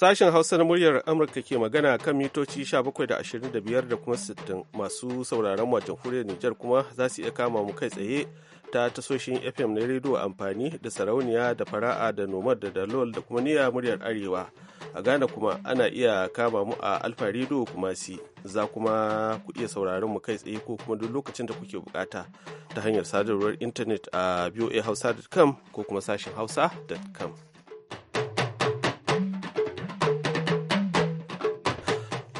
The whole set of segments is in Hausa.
Sashen Hausa na muryar Amurka ke magana kan mitoci 17.25 da da kuma 60 masu sauraron mu jamhuriyar Nijar kuma za su iya kama mu kai tsaye ta tasoshin FM na rediyo amfani da sarauniya da fara'a da nomad da dalol da kuma niya muryar Arewa. A Ghana kuma ana iya kama mu a Alfa rediyo kuma si za kuma ku iya sauraron mu kai tsaye ko kuma duk lokacin da kuke bukata ta hanyar sadarwar intanet a voahausa.com ko kuma sashen hausa.com.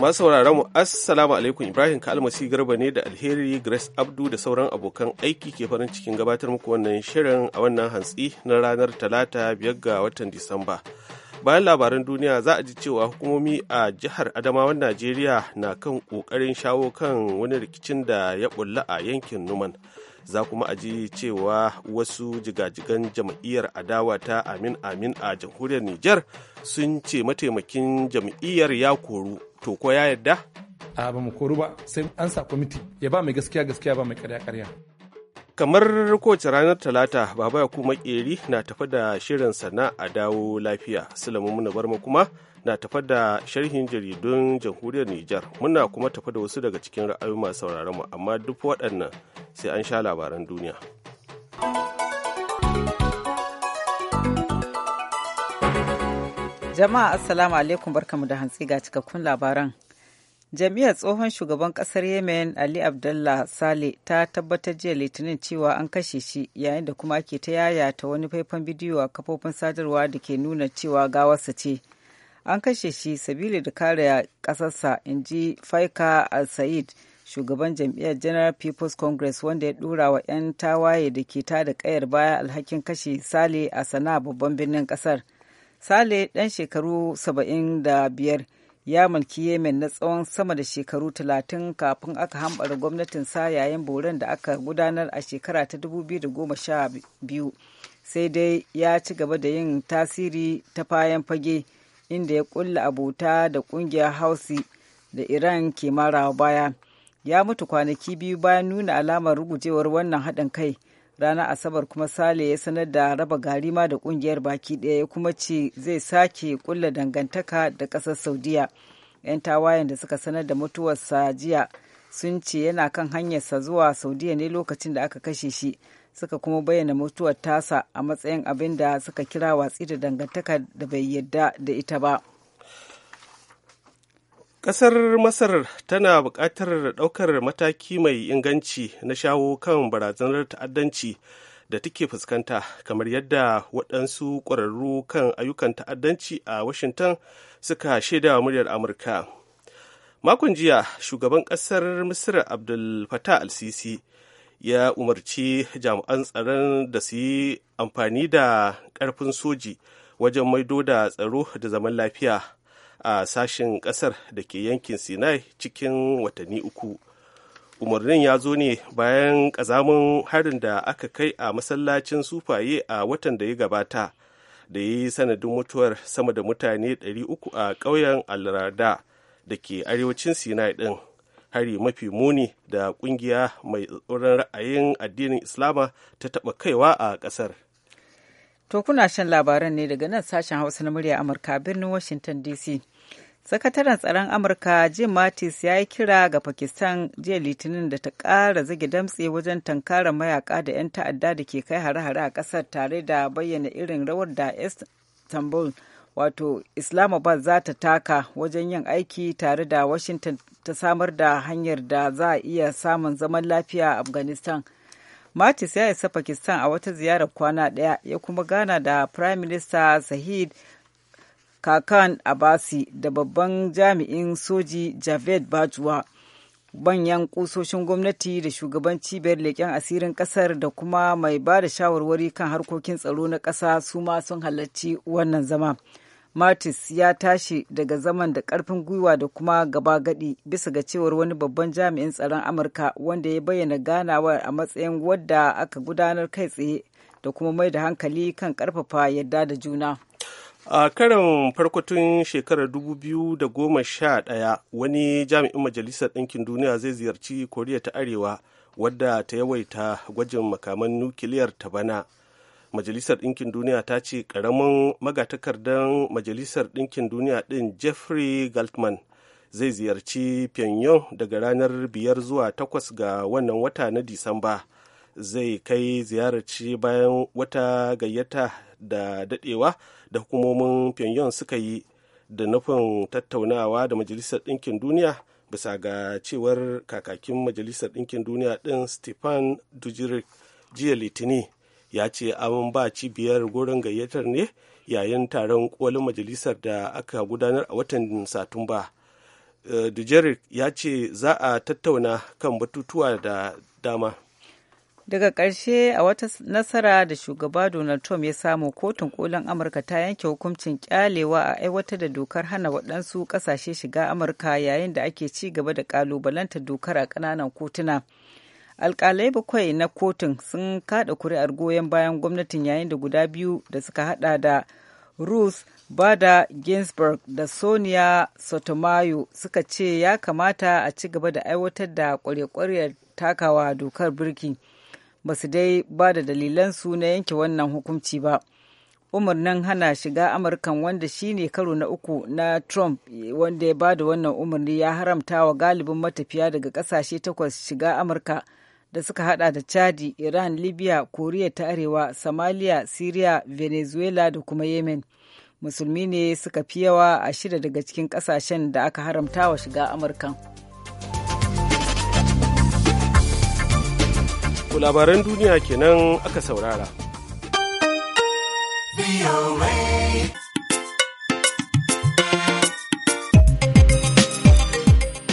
Masu sauraron mu Assalamu alaikum Ibrahim Kalmasi Garba ne da Alheri Grace Abdu da sauran abokan aiki ke farin cikin gabatar muku wannan shirin a wannan hantsi na ranar Talata biyar ga watan Disamba. Bayan labaran duniya za a ji cewa hukumomi a jihar Adamawan Najeriya na kan kokarin shawo kan wani rikicin da ya bulla a yankin Numan. za kuma a ji cewa wasu jigajigan jam'iyyar adawa ta amin amin a jamhuriyar Nijar sun ce mataimakin jam'iyyar ya koru to ko ya yarda a ba mu koru ba sai an sa kwamiti ya ba mai gaskiya gaskiya ba mai karya karya kamar kowace ranar talata baba ya kuma ƙeri na tafa da shirin sana a dawo lafiya sulamu muna mu kuma na tafa da sharhin jaridun jamhuriyar nijar muna kuma tafa da wasu daga cikin ra'ayoyi masu sauraron mu amma duk waɗannan sai an sha labaran duniya. Jama'a Assalamu alaikum barkamu da hantsi ga cikakkun labaran. Jami'ar tsohon shugaban kasar Yemen Ali Abdullah Sale ta tabbatar jiya Litinin cewa an kashe shi yayin da kuma ake ta yaya ta wani faifan bidiyo a kafofin sadarwa da ke nuna cewa gawarsa ce. An kashe shi sabili da kare kasarsa in ji Faika Al-Said shugaban jam'iyyar General People's Congress wanda ya dora wa 'yan tawaye da ke tada kayar baya alhakin kashe Sale a sana'a babban birnin kasar. Sale ɗan shekaru 75 ya mulki Yemen na tsawon sama da shekaru 30 kafin aka hambara sa yayin boren da aka gudanar a shekara ta 2012 sai dai ya ci gaba da yin tasiri ta fayan fage inda ya kulla abota da kungiyar hausi da Iran ke marawa baya. Ya mutu kwanaki biyu bayan nuna alamar rugujewar wannan haɗin kai. ranar asabar kuma sale ya sanar da raba garima da kungiyar baki daya kuma ce zai sake kulla dangantaka da kasar saudiya 'yan tawayen da suka sanar da mutuwarsa jiya sun ce yana kan hanyarsa zuwa saudiya ne lokacin da aka kashe shi suka kuma bayyana mutuwar tasa a matsayin abin da suka kira watsi da dangantaka da bai yadda da ita ba. Ƙasar Masar tana buƙatar ɗaukar mataki mai inganci na shawo kan barazanar ta'addanci da take fuskanta kamar yadda waɗansu ƙwararru kan ayyukan ta'addanci a Washington suka shaida wa muryar Amurka. Makon jiya, shugaban ƙasar Misir Abdul Fattah al-Sisi ya umarci jami'an tsaron da su yi amfani da ƙarfin soji wajen maido da tsaro da zaman lafiya. a sashen kasar da ke yankin sinai cikin watanni uku umarnin ya zo ne bayan kazamin harin da aka kai a masallacin sufaye a watan da ya gabata da ya yi sanadin mutuwar sama da mutane 300 a ƙauyen alrada da ke arewacin sinai ɗin hari mafi muni da ƙungiya mai tsoron ra'ayin addinin islama ta taɓa kaiwa a ƙasar To kuna shan labaran ne daga nan sashen Hausa na murya Amurka birnin Washington DC. Sakataren tsaron Amurka Jim Mattis ya yi kira ga Pakistan jiya Litinin da ta ƙara zage damtse wajen tankara mayaka da 'yan ta'adda da ke kai hare-hare a ƙasar tare da bayyana irin rawar da Istanbul wato Islamabad za ta taka wajen yin aiki tare da Washington ta samar da hanyar da za a iya samun zaman lafiya a Afghanistan. Matis ya isa Pakistan a wata ziyarar kwana ɗaya ya kuma gana da Prime Minister Zahid Kakan Abasi da babban jami'in soji Javed Bajwa. Banyan kusoshin gwamnati da shugaban cibiyar leƙen asirin ƙasar da kuma mai ba da shawarwari kan harkokin tsaro na ƙasa su ma sun halarci wannan zama. Martis ya tashi daga zaman da karfin gwiwa da kuma gaba gadi bisa ga cewar wani babban jami'in tsaron Amurka wanda ya bayyana ganawar a matsayin wadda aka gudanar kai tsaye da kuma mai da hankali kan karfafa yadda da juna. a karin farko tun shekarar 2011 wani jami'in majalisar ɗinkin duniya zai ziyarci koriya ta arewa wadda ta yawaita gwajin makaman nukiliyar ta bana majalisar ɗinkin duniya ta ce ƙaramin magatakardan majalisar ɗinkin duniya ɗin jeffrey galtman zai ziyarci pyongyang daga ranar biyar zuwa takwas ga wannan wata na disamba zai kai ziyararci bayan wata gayyata da daɗewa da hukumomin pyongyang suka yi da nufin tattaunawa da majalisar ɗinkin duniya bisa ga cewar kakakin majalisar ɗinkin duniya ɗin stefan dujirik jiya litini ya ce an ba cibiyar gurin gayyatar ne yayin taron kolin majalisar da aka gudanar a watan satumba eh, dujeric ya ce za a tattauna kan batutuwa da dama daga ƙarshe a wata nasara da shugaba donald trump ya samu kotun kolin amurka ta yanke hukuncin kyalewa a aiwatar da dokar hana waɗansu ƙasashe shiga amurka yayin da ake ci gaba da ƙalubalantar dokar a ƙananan kotuna alkalai bakwai na kotun sun kada kuri'ar goyon bayan gwamnatin yayin da guda biyu da suka hada da ruth bada ginsburg da sonia sotomayo suka ce ya kamata a ci gaba da aiwatar da kwarekwariyar takawa dokar birki ba su dai ba da dalilansu na yanke wannan hukunci ba umarnin hana shiga amurkan wanda shine karo na uku na trump wanda ya ba da wannan umarni ya haramta wa galibin matafiya daga kasashe takwas shiga amurka da suka hada da chadi iran libya koriya ta arewa somalia syria venezuela da kuma yemen musulmi ne suka fi yawa a shida daga cikin kasashen da aka haramta wa shiga amurkan labaran duniya kenan aka saurara.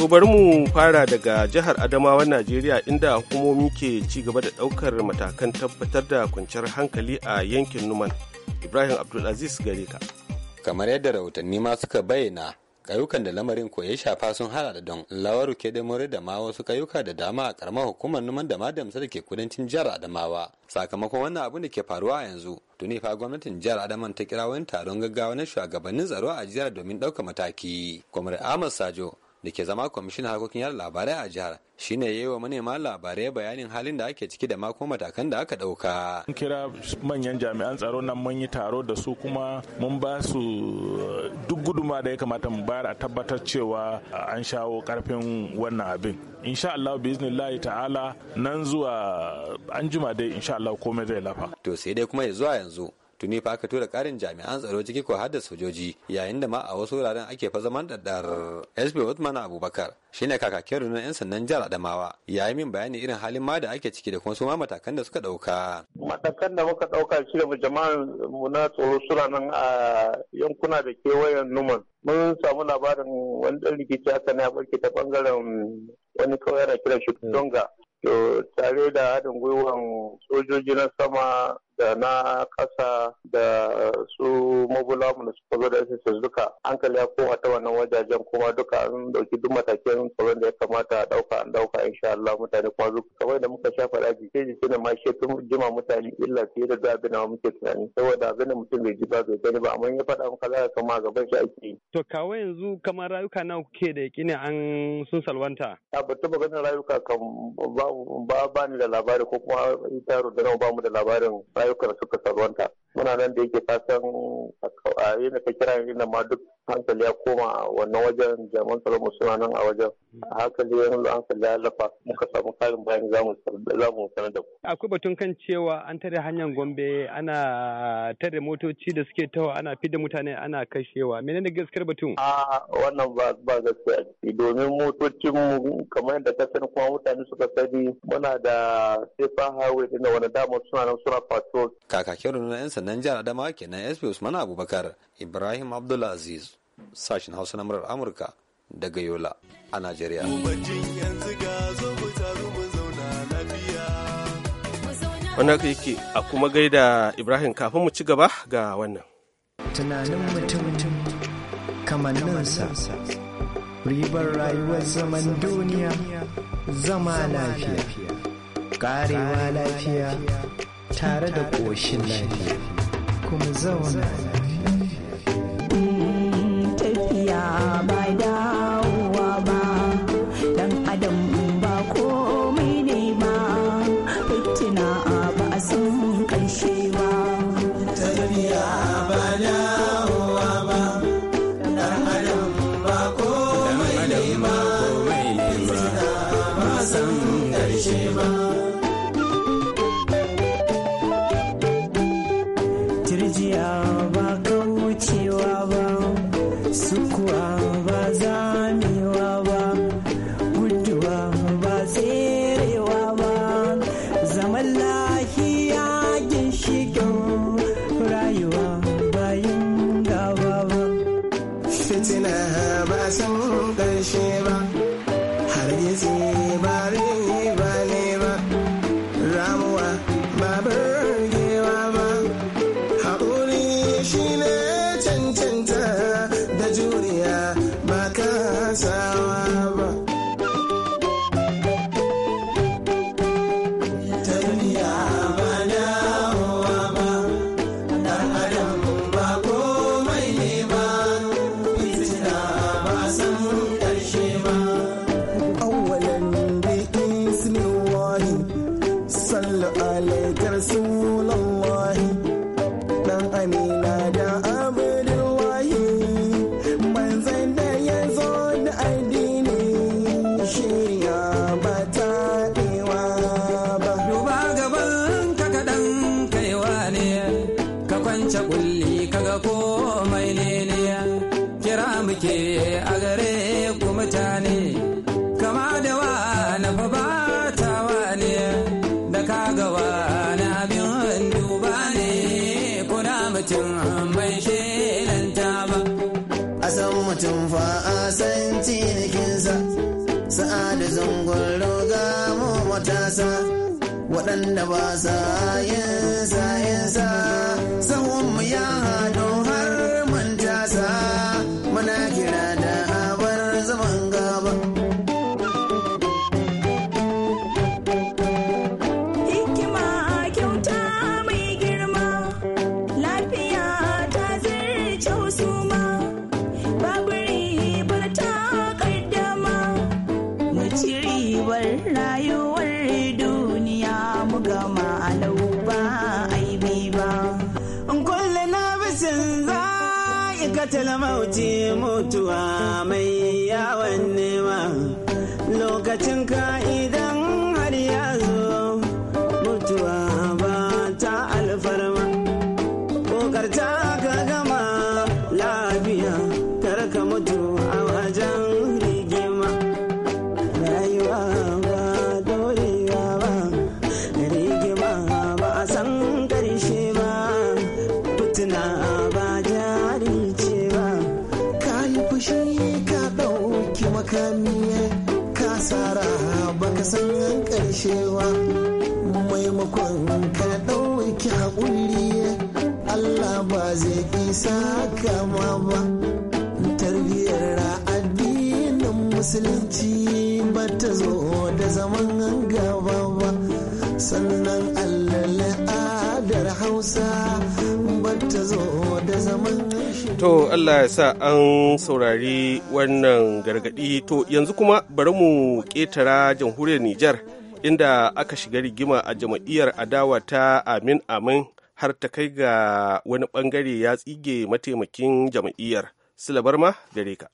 To bari mu fara daga jihar Adamawa Najeriya inda hukumomi ke ci gaba da ɗaukar matakan tabbatar da kwanciyar hankali a yankin Numan. Ibrahim Abdulaziz gare ka. Kamar yadda rahotanni ma suka bayyana kayukan da lamarin ko ya shafa sun hada da don lawaru ke da da ma wasu kayuka da dama a karamar hukumar numan da madamsa da ke kudancin jihar adamawa sakamakon wannan abin da ke faruwa a yanzu tuni fa gwamnatin jihar adaman ta kira wani taron gaggawa na shugabannin tsaro a jihar domin ɗaukar mataki kwamar ahmad sajo da ke zama kwamishin harkokin yada labarai a jihar shine yi wa manema labarai bayanin halin da ake ciki da ma matakan da aka dauka. Mun kira manyan jami'an tsaro nan mun yi taro da su kuma mun ba su eh, duk guduma da ya kamata mu bayar a tabbatar cewa an shawo karfin wannan abin. Insha Allah biznillahi ta'ala nan zuwa eh, an jima dai insha Allah komai zai lafa. To sai dai kuma ya zuwa yanzu tuni fa aka tura karin jami'an tsaro ciki ko har sojoji yayin da ma a wasu wuraren ake fa zaman daddar SP Uthman abubakar shine kakakin runan 'yan sannan jihar adamawa yayin min bayani irin halin ma da ake ciki da kuma su ma matakan da suka dauka matakan da muka dauka shi da jama'an mu na tsoro suna nan a yankuna da kewayen numan mun samu labarin wani dan rikici haka na barke ta bangaren wani kawai yana kira shi donga to tare da haɗin gwiwan sojoji na sama da na ƙasa da su mabula mu su da su duka hankali ya koma ta wannan wajajen kuma duka an ɗauki duk matakin tsaron da ya kamata a ɗauka an ɗauka insha Allah mutane kuma zuwa da muka sha faraji sai jikin da ma shi tun jima mutane illa fiye da abin da muke tunani saboda abin da mutum bai ji ba bai gani ba amma ya faɗa maka za ka kama gaban shi ake yi. To kawo yanzu kamar rayuka nawa kuke da yakini an sun salwanta? A bata maganar rayuka kan ba ba ni da labari ko kuma ita nawa ba mu da labarin rayukan suka salwanta. Muna nan da yake fasan a yadda ka kira yin ma duk hankali ya koma wannan wajen jaman salamu suna nan a wajen. A hmm. hankali yanzu hankali ya lafa muka samu karin bayan zamu mu sanar da ku. Akwai batun kan cewa an tare hanyar Gombe ana tare motoci da suke tawa ana fi da mutane ana kashewa. Menene gaskiyar batun? A wannan ba ba gaskiya domin motocin kamar yadda ka sani kuma mutane suka sani muna da safe highway din wani dama suna nan suna patrol. Kakakin rundunar 'yan sandan jihar Adamawa kenan SP Usman Abubakar Ibrahim Abdulaziz sashen Hausa na murar Amurka daga Yola a Najeriya. yanzu wannan yake a kuma gaida ibrahim kafin mu ci gaba ga wannan tunanin mutum kamanninsa ribar rayuwar zaman duniya zama lafiya karewa lafiya tare da ƙoshin lafiya kuma zauna lafiya tafiya turjiya ba wucewa ba sukuwa ba رسول الله waɗanda ba sa yin sa yin sa mu ya hado ka san karshewa maimakon ka ɗauki haƙuri Allah ba zai isa kama ba tarbiyyar addinin musulunci ba ta zo da zaman gaba ba sannan Allah al'adar hausa To Allah ya sa an saurari wannan gargaɗi to yanzu kuma bari mu ƙetara jamhuriyar Nijar inda aka shiga rigima a jam'iyyar adawa ta Amin Amin har ta kai ga wani ɓangare ya tsige mataimakin jam'iyyar. Sila Barma gare ka.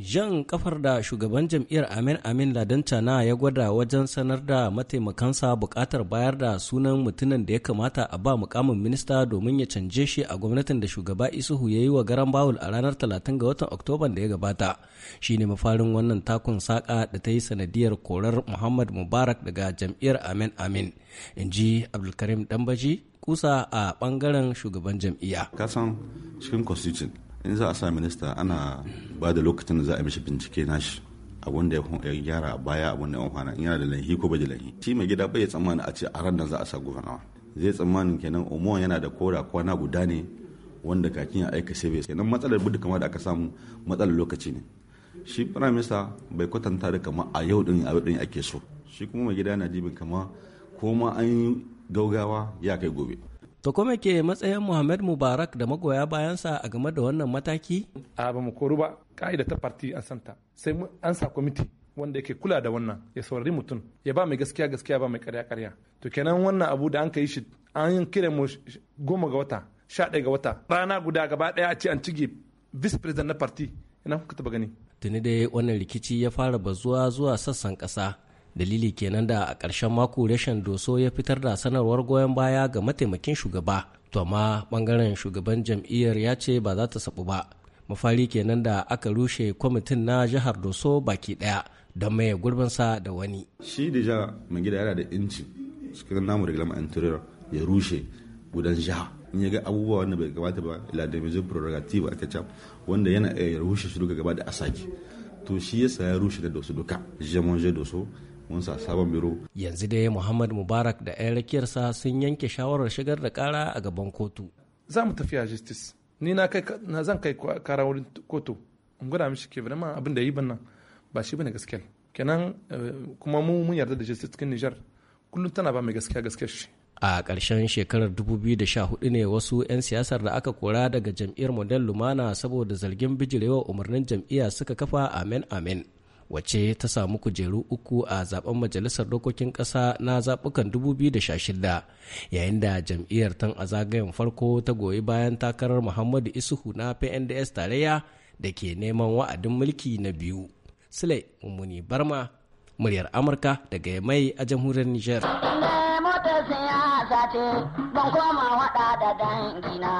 Jan kafar da shugaban jam'iyyar Amin Amin ladan cana ya gwada wajen sanar da mataimakansa bukatar bayar da sunan mutumin da ya kamata a ba mukamin minista domin ya canje shi a gwamnatin da shugaba Isuhu ya yi wa garan bawul a ranar 30 ga watan Oktoban da ya gabata. Shi ne mafarin wannan takun saƙa da ta yi sanadiyar korar Muhammad Mubarak daga jam'iyyar Amin Amin. In ji Abdulkarim Dambaji kusa a bangaren shugaban jam'iyya. Kasan cikin constitution in za a sa minista ana ba da lokacin da za a mishi bincike nashi abun da ya gyara baya abun da ya kwana in yana da lahi ko bai da lahi shi mai gida bai tsammani a ce a ran da za a sa gwamnawa zai tsammanin kenan omo yana da kora kwana guda ne wanda kakin ya aika sai bai kenan matsalar budu kama da aka samu matsalar lokaci ne shi prime minister bai kwatanta da kama a yau din a din ake so shi kuma mai gida yana jibin kama ko ma an yi gaugawa ya kai gobe To kome ke matsayin Muhammad Mubarak da magoya bayansa a game da wannan mataki? A ba mu koru ba, ka'ida ta parti an santa. Sai an sa kwamiti wanda yake kula da wannan ya saurari mutum ya ba mai gaskiya gaskiya ba mai karya karya to kenan wannan abu da an kai shi an kiran mu goma ga wata sha ɗaya ga wata rana guda gaba ɗaya a ce an cige vice president na farti. ina kuka taba gani tuni dai wannan rikici ya fara bazuwa zuwa sassan ƙasa dalili kenan da a ƙarshen mako rashin doso ya fitar da sanarwar goyon baya ga mataimakin shugaba to amma ɓangaren shugaban jam'iyyar ya ce ba za ta sabu ba mafari kenan da aka rushe kwamitin na jihar doso baki ɗaya don maye gurbinsa da wani shi da mai gida yana da inci cikin namu reglama interior ya rushe gudan jiha in ya ga abubuwa wanda bai gabata ba la division prorogative aka ca wanda yana rushe shi duka gaba da asaki to shi yasa ya rushe da dosu duka jamon je doso mun sa sabon biro yanzu dai muhammad mubarak da 'yan rakiyarsa sun yanke shawarar shigar da kara a gaban kotu za mu tafiya justice ni na kai na zan kai kara wurin kotu in gwada mishi ke vraiment abin da yi ban nan ba shi bane gaskiya kenan eh, kuma mu mun yarda da justice cikin Nijar kullum tana ba mai gaskiya gaskiya shi a ƙarshen shekarar 2014 ne wasu 'yan siyasar da aka kora daga jam'iyyar model lumana saboda zargin bijirewa umarnin jam'iyya suka kafa amen amen wace ta samu kujeru uku a zaben majalisar dokokin kasa na zaɓukan 2016 yayin da jam'iyyar tan a zagayen farko ta goyi bayan takarar muhammadu isuhu na pnds tarayya da ke neman wa'adin mulki na biyu sule umuni barma muryar amurka daga mai a jamhuriyar niger ce ban da dangina.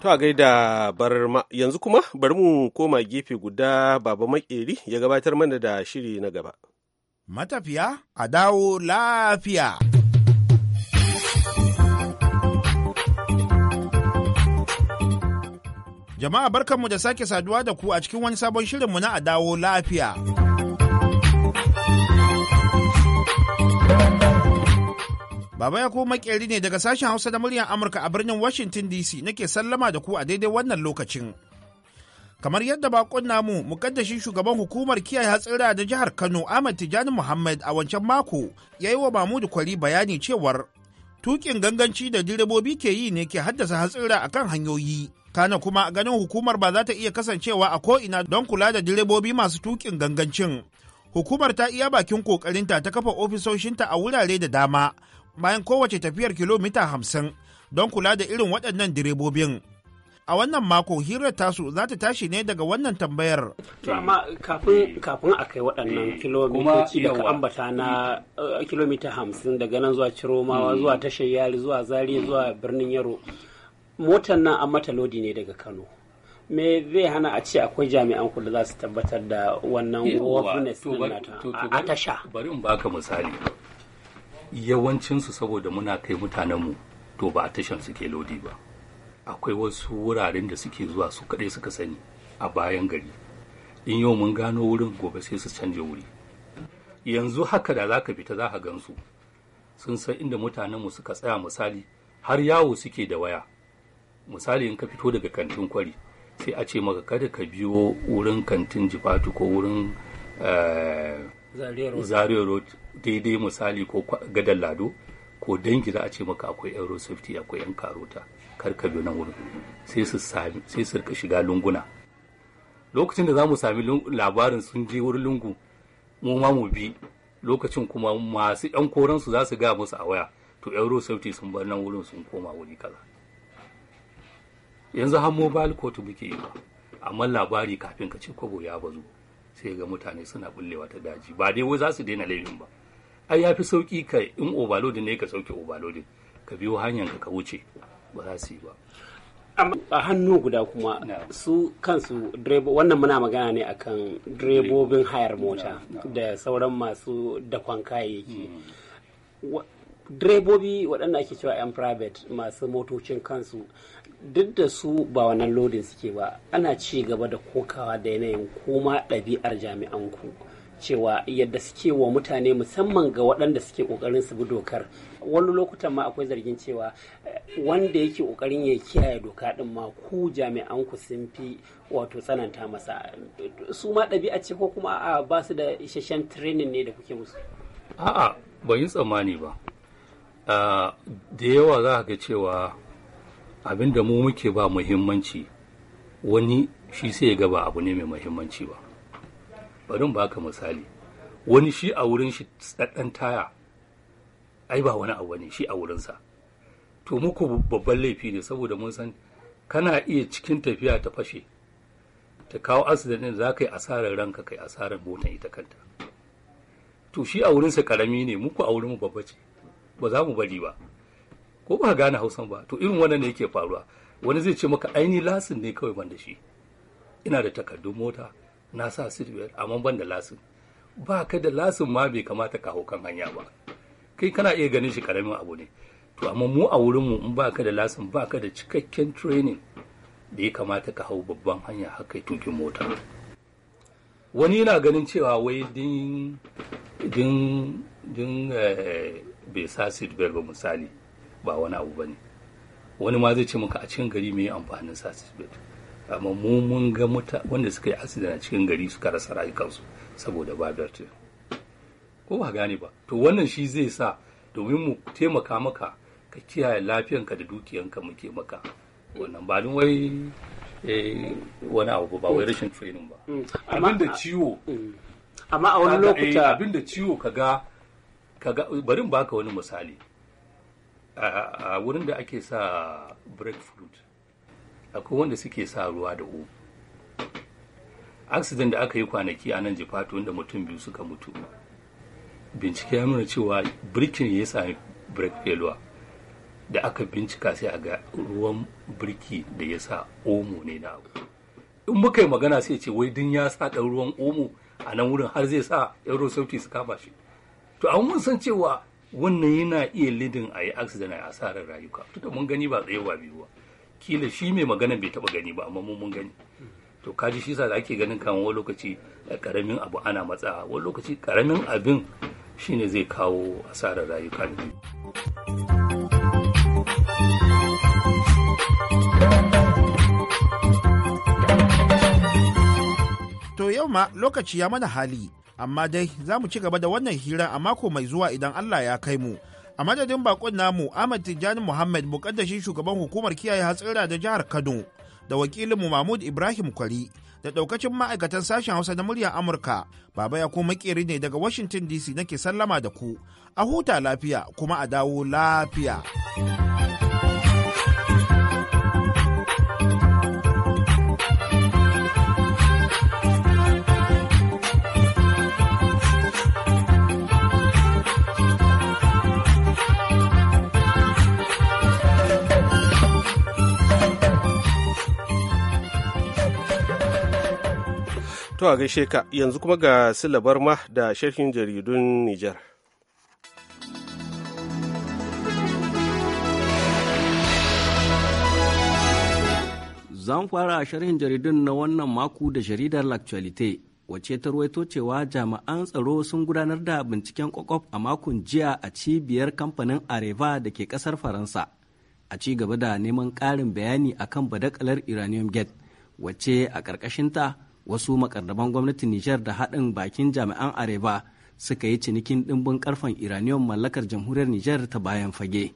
To a gaida bar yanzu kuma bari mu koma gefe guda baba makeri ya gabatar mana da shiri na gaba. Matafiya a dawo lafiya. Jama'a barkanmu da sake saduwa da ku a cikin wani sabon shirinmu na a dawo lafiya. Baba ya kuma makeri ne daga sashen Hausa da muryar Amurka a birnin Washington DC nake sallama da ku a daidai wannan lokacin. Kamar yadda bakon namu mukaddashin shugaban hukumar kiyaye hatsira da jihar Kano Ahmad Tijani Muhammad a wancan mako ya yi wa Mahmud Kwari bayani cewar tukin ganganci da direbobi ke yi ne ke haddasa hatsira kan hanyoyi. Kana kuma ganin hukumar ba za ta iya kasancewa a ko'ina don kula da direbobi masu tukin gangancin. Hukumar ta iya bakin kokarinta ta kafa ofisoshinta a wurare da dama bayan kowace tafiyar kilomita hamsin don kula da irin waɗannan direbobin. A wannan mako hirar tasu za ta tashi ne daga wannan tambayar. To amma kafin a kai waɗannan eh, kilomitoci da ambata na mm. eh, kilomita hamsin daga nan zuwa Ciromawa mm. zuwa tashar Yari zuwa Zari zuwa birnin Yaro. Motar nan an mata lodi ne daga Kano. me zai hana a ce akwai jami'an kula za su tabbatar da wannan wafiness nata a tasha bari in baka misali yawancinsu saboda muna kai mutanenmu to ba a tashan suke lodi ba akwai wasu wuraren da suke zuwa su kaɗai suka sani a bayan gari in yau mun gano wurin gobe sai su canje wuri yanzu haka da za ka fita za ka gansu sun san inda mutanenmu suka tsaya misali har yawo suke da waya misali in ka fito daga kantin kwari sai a ce maka kada ka biyo wurin kantin jifatu ko wurin eh, zaria road daidai misali ko gadan lado ko dangi za a ce maka akwai euro safety akwai yan karota kar ka bi nan wurin sai su shiga lunguna lokacin da za mu sami labarin sun je wurin lungu mu ma mu bi lokacin kuma masu yan su za su ga musu a waya to euro safety sun bar nan wurin sun koma wuri kaza yanzu har mobile court muke yi amma labari kafin ka ce kwabo ya bazu sai ga mutane suna bullewa ta daji ba dai wai za su daina laifin ba ai ya fi sauki ka in overloading ne ka sauke overloading ka biyo hanyar ka wuce ba za su yi ba a hannu guda kuma su kansu wannan muna magana ne akan direbobin hayar mota da sauran masu dakon kayayyaki hmm. direbobi waɗanda ake cewa 'yan private masu motocin kansu duk da su ba wannan lodin suke ba ana ci gaba da kokawa da yanayin koma ɗabi'ar jami'an ku cewa yadda suke wa mutane musamman ga waɗanda suke ƙoƙarin su bi dokar wani lokutan ma akwai zargin cewa eh, wanda yake ƙoƙarin ya kiyaye doka ɗin ma ku jami'an ku sun fi wato tsananta masa su ma ɗabi'a ce ko kuma a ba su da isasshen training ne da kuke musu a'a ban yi tsammani ba ah, da yawa za ga cewa abinda mu muke ba muhimmanci wani shi sai ya gaba abu ne mai muhimmanci ba bari baka misali wani shi a wurin shi tsaddan taya ai ba wani abu ne shi a wurinsa to muku babban laifi ne saboda mun san kana iya cikin tafiya ta fashe ta kawo accident din za ka yi asarar ranka kai asarar motar ita kanta to shi a wurinsa karami ne muku a wurin mu babba ce ba za mu bari ba ko ba gane hausan ba to irin wannan ne yake faruwa wani zai ce maka aini lasin ne kawai ban da shi ina da takardun mota na sa silver amma ban da lasin ba ka da lasin ma bai kamata ka hau kan hanya ba kai kana iya ganin shi karamin abu ne to amma mu a wurinmu in ba ka da lasin ba ka da cikakken training da ya kamata ka hau babban hanya haka tukin mota wani yana ganin cewa wai din din din eh, bai sa seatbelt ba misali ba wani abu ba ne wani ma zai ce maka a cikin gari yi amfanin sa seatbelt amma mu mun ga muta wanda suka yi accident a cikin gari suka rasa rayukansu saboda ba bertin ko ba gane ba to wannan shi zai sa domin mu taimaka maka ka kiyaye lafiyanka da dukiyanka muke maka wannan ba ni wai eh, wani abu ba wai rashin training ba mm. Mm. abin da ciwo mm. amma a wani eh, lokuta abin da ciwo kaga ga barin baka wani misali a wurin da ake sa breakfruit akwai wanda suke sa ruwa da o accident da aka yi kwanaki a nan jifato inda mutum biyu suka mutu bincike ya nuna cewa birkin ya sami break failure da aka bincika sai a ga ruwan birki da ya sa omo ne na abu in muka yi magana sai ce wai din ya sa ɗan ruwan omo a nan wurin har zai sa euro safety su kama shi to an mun san cewa wannan yana iya lidin a yi accident a asarar rayuka to mun gani ba tsayewa biyu ba kila shi mai magana bai taba gani ba amma mun gani to kaji shi sa da ake ganin kan wani lokaci karamin eh, abu ana matsa wani lokaci karamin abin shine zai kawo asarar rayuka ne To yau ma lokaci ya mana hali, amma dai za mu ci gaba da wannan hira a mako mai zuwa idan Allah ya kai mu. a madadin bakon namu ahmad tijjani muhammad mukaddashin shugaban hukumar kiyaye hatsira da jihar kano da wakilinmu mahmud ibrahim kwari da daukacin ma'aikatan sashen hausa na muryar amurka baba ya kuma makeri ne daga washington dc nake sallama da ku a huta lafiya kuma a dawo lafiya. To a gaishe ka yanzu kuma ga silabar ma da sharhin jaridun Nijar. Zan fara sharhin jaridun na wannan mako da jaridar L'Actualité wace ta ruwaito cewa jami'an tsaro sun gudanar da binciken kwakwaf a makon jiya a cibiyar kamfanin Areva da ke kasar Faransa a ci gaba da neman ƙarin bayani akan badakalar Iranium Gate wace a ƙarƙashinta wasu makardaban gwamnatin nijar da haɗin bakin jami'an areba suka yi cinikin ɗimbin ƙarfen iraniyon mallakar jamhuriyar nijar ta bayan fage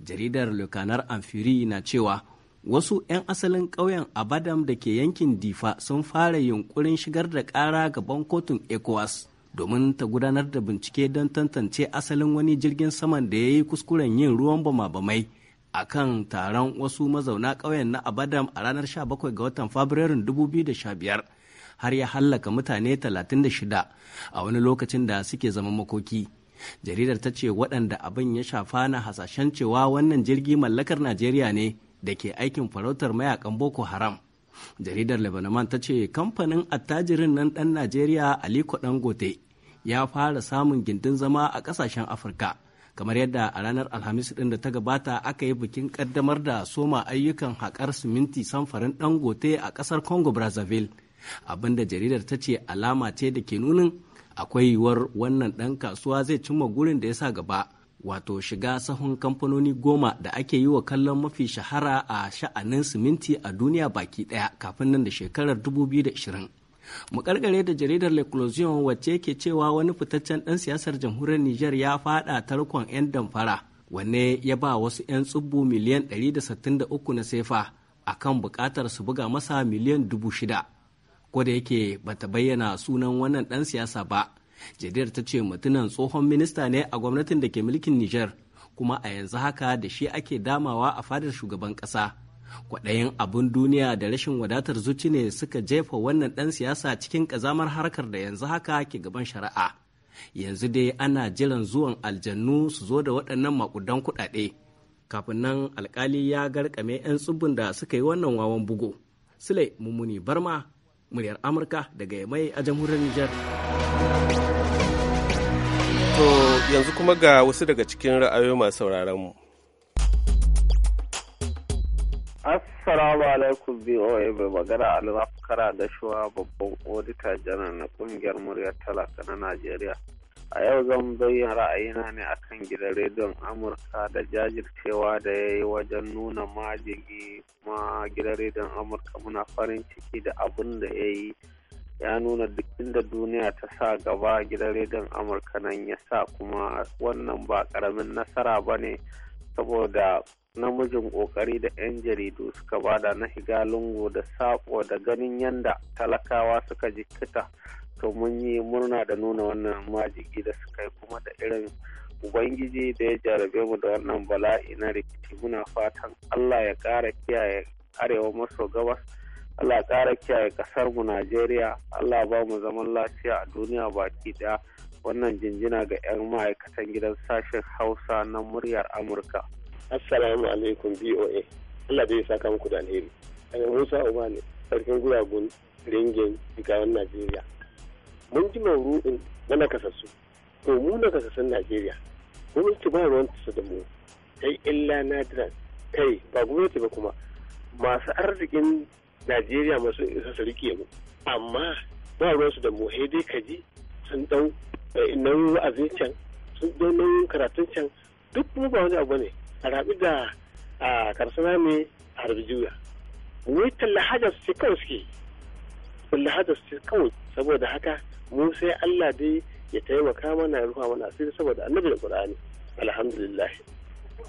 jaridar lokanar amfiri na cewa wasu 'yan asalin ƙauyen abadam da ke yankin difa sun fara yunkurin shigar da ƙara gaban kotun ecowas domin ta gudanar da bincike don tantance asalin wani jirgin saman da ya yi kuskuren yin ruwan bama-bamai a kan taron wasu mazauna ƙauyen na Abadam a ranar 17 ga watan Fabrairun 2015 har ya hallaka mutane 36 a wani lokacin da suke zaman makoki. Jaridar ta ce waɗanda abin ya shafa na hasashen cewa wannan jirgi mallakar Najeriya ne da ke aikin farautar mayakan Boko Haram. Jaridar Lebanon ta ce kamfanin attajirin nan ɗan Najeriya Aliko Dangote ya fara samun gindin zama a ƙasashen Afirka. kamar yadda a ranar alhamis din da ta gabata aka yi bikin kaddamar da soma ayyukan haƙar siminti samfarin dangote a ƙasar congo brazzaville abinda jaridar ta ce alama ce da ke nunin akwai yiwuwar wannan ɗan kasuwa zai cimma gurin da ya sa gaba wato shiga sahun kamfanoni goma da ake yi wa kallon mafi shahara a sha'anin siminti a duniya baki ɗaya kafin nan da shekarar 2020 mu karkare da jaridar l'eclosion wacce ke cewa wani fitaccen dan siyasar jamhuriyar niger ya fada tarkon 'yan damfara wanne ya ba wasu 'yan tsubbu miliyan 163 na sefa a kan bukatar su buga masa miliyan dubu shida ko da yake bata bayyana sunan wannan dan siyasa ba jaridar ta ce mutunan tsohon minista ne a gwamnatin da ke mulkin niger kuma a yanzu haka da shi ake damawa a fadar shugaban ƙasa kwaɗayin abin duniya da rashin wadatar zuci ne suka jefa wannan ɗan siyasa cikin ƙazamar harkar da yanzu haka ke gaban shari'a yanzu dai ana jiran zuwan aljannu su zo da waɗannan makudan kuɗaɗe kafin nan alkali ya garkame 'yan tsubbin da suka yi wannan wawan bugu sule mummuni barma muryar amurka daga mai a jamhuriyar Nijar. to yanzu kuma ga wasu daga cikin ra'ayoyi masu sauraron mu Assalamu alaikum BOA mai magana Alhaji Kara shuwa babban odita janar na kungiyar muryar talaka na Najeriya. A yau zan bayyana ra'ayina ne akan gidan rediyon Amurka da jajircewa da ya yi wajen nuna majigi kuma gidan rediyon Amurka muna farin ciki da abin da ya yi ya nuna duk inda duniya ta sa gaba gidan rediyon Amurka nan ya sa kuma wannan ba ƙaramin nasara ba ne saboda namijin kokari da 'yan jaridu suka bada na higa lungu da sabo da ganin yanda talakawa suka jikita to mun yi murna da nuna wannan majigi da suka yi kuma da irin ubangiji da ya jarabe mu da wannan bala'i na rikici muna fatan allah ya kara kiyaye arewa maso gabas allah ya kara kiyaye kasar mu najeriya allah ba mu zaman lafiya a duniya baki daya wannan jinjina ga 'yan ma'aikatan gidan sashen hausa na muryar amurka assalamu alaikum boa allah da ya saka muku da alheri daga musa uba ne sarkin guragun ringin jigawan najeriya mun ji mauru'in na nakasassu to mu nakasassun najeriya gwamnati ba ruwan su da mu kai illa nadiran kai ba gwamnati ba kuma masu arzikin najeriya masu isa su rike mu amma ba ruwan su da mu sai dai kaji sun dau eh, nauyin wa'azin can sun dau nauyin karatun can duk mu ba wani abu ne a rabi da a karsana mai a rabi juya wai talla hajar su kawai suke talla su kawai saboda haka mu sai Allah dai ya taimaka mana ya rufa mana asiri saboda annabi da qur'ani alhamdulillah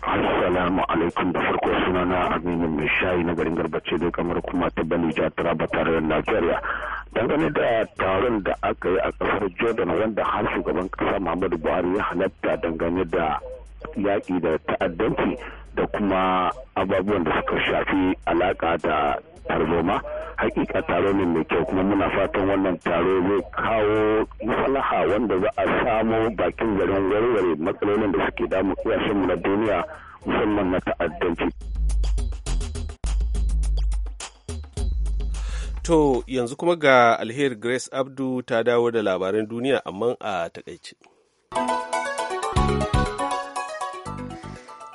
Assalamu alaikum da farko sunana Aminu mai shayi na garin garbace da kamar kuma ta ba tare da Najeriya. Dangane da taron da aka yi a kasar Jordan wanda har shugaban kasa Muhammadu Buhari ya halatta dangane da yaƙi da ta'addanci da kuma ababuwan da suka shafi alaƙa da tarzoma hakika taro ne mai kyau kuma muna fatan wannan taro zai kawo maslaha wanda za a samo bakin garin warware matsalolin da suke damu mu na duniya musamman na ta'addanci To yanzu kuma ga alheri Grace Abdu ta dawo da labaran duniya amma a takaice.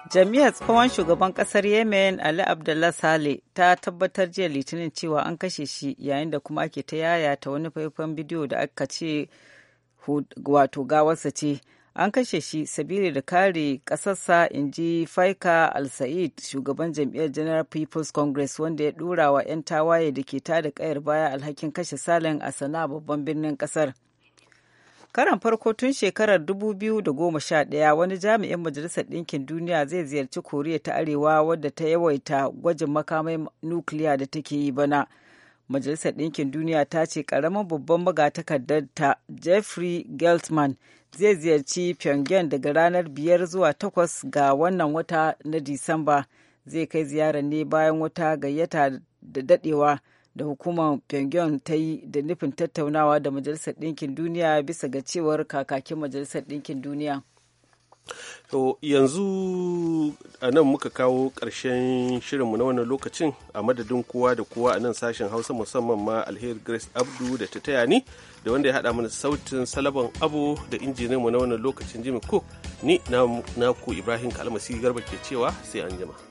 Jami'ar tsohon shugaban kasar Yemen Ali Abdullah sale ta tabbatar jiya Litinin cewa an kashe shi yayin da kuma ake ta yaya ta wani faifan bidiyo da aka ce wato gawarsa ce. An kashe shi sabili da kare ƙasarsa in ji Faika Al-Said shugaban jam'iyyar General People's Congress wanda ya ɗora wa 'yan tawaye da ke tada kayar baya alhakin kashe Saleh a sana'a babban birnin kasar. Karan farko tun shekarar 2011 wani jami'in Majalisar Ɗinkin Duniya zai ziyarci Koriya ta Arewa wadda ta yawaita gwajin makamai nukiliya da take yi bana. Majalisar Ɗinkin Duniya ta ce ƙaramin babban magatakardarta Jeffrey Geltman zai ziyarci Pyongyang daga ranar biyar zuwa takwas ga wannan wata na Disamba. Zai kai ziyarar ne bayan wata gayyata da dadewa. da hukumar pyongyang ta yi da nufin tattaunawa da majalisar ɗinkin duniya bisa ga cewar kakakin majalisar ɗinkin duniya To yanzu a nan muka kawo ƙarshen shirinmu na wannan lokacin a madadin kowa da kowa a nan sashen hausa musamman ma alheri grace abdu da ta taya ni da wanda ya haɗa mana sautin salaban abu da injininmu na wannan lokacin jimmy cook ni na ku ibrahim kalmasi garba ke cewa sai an jima.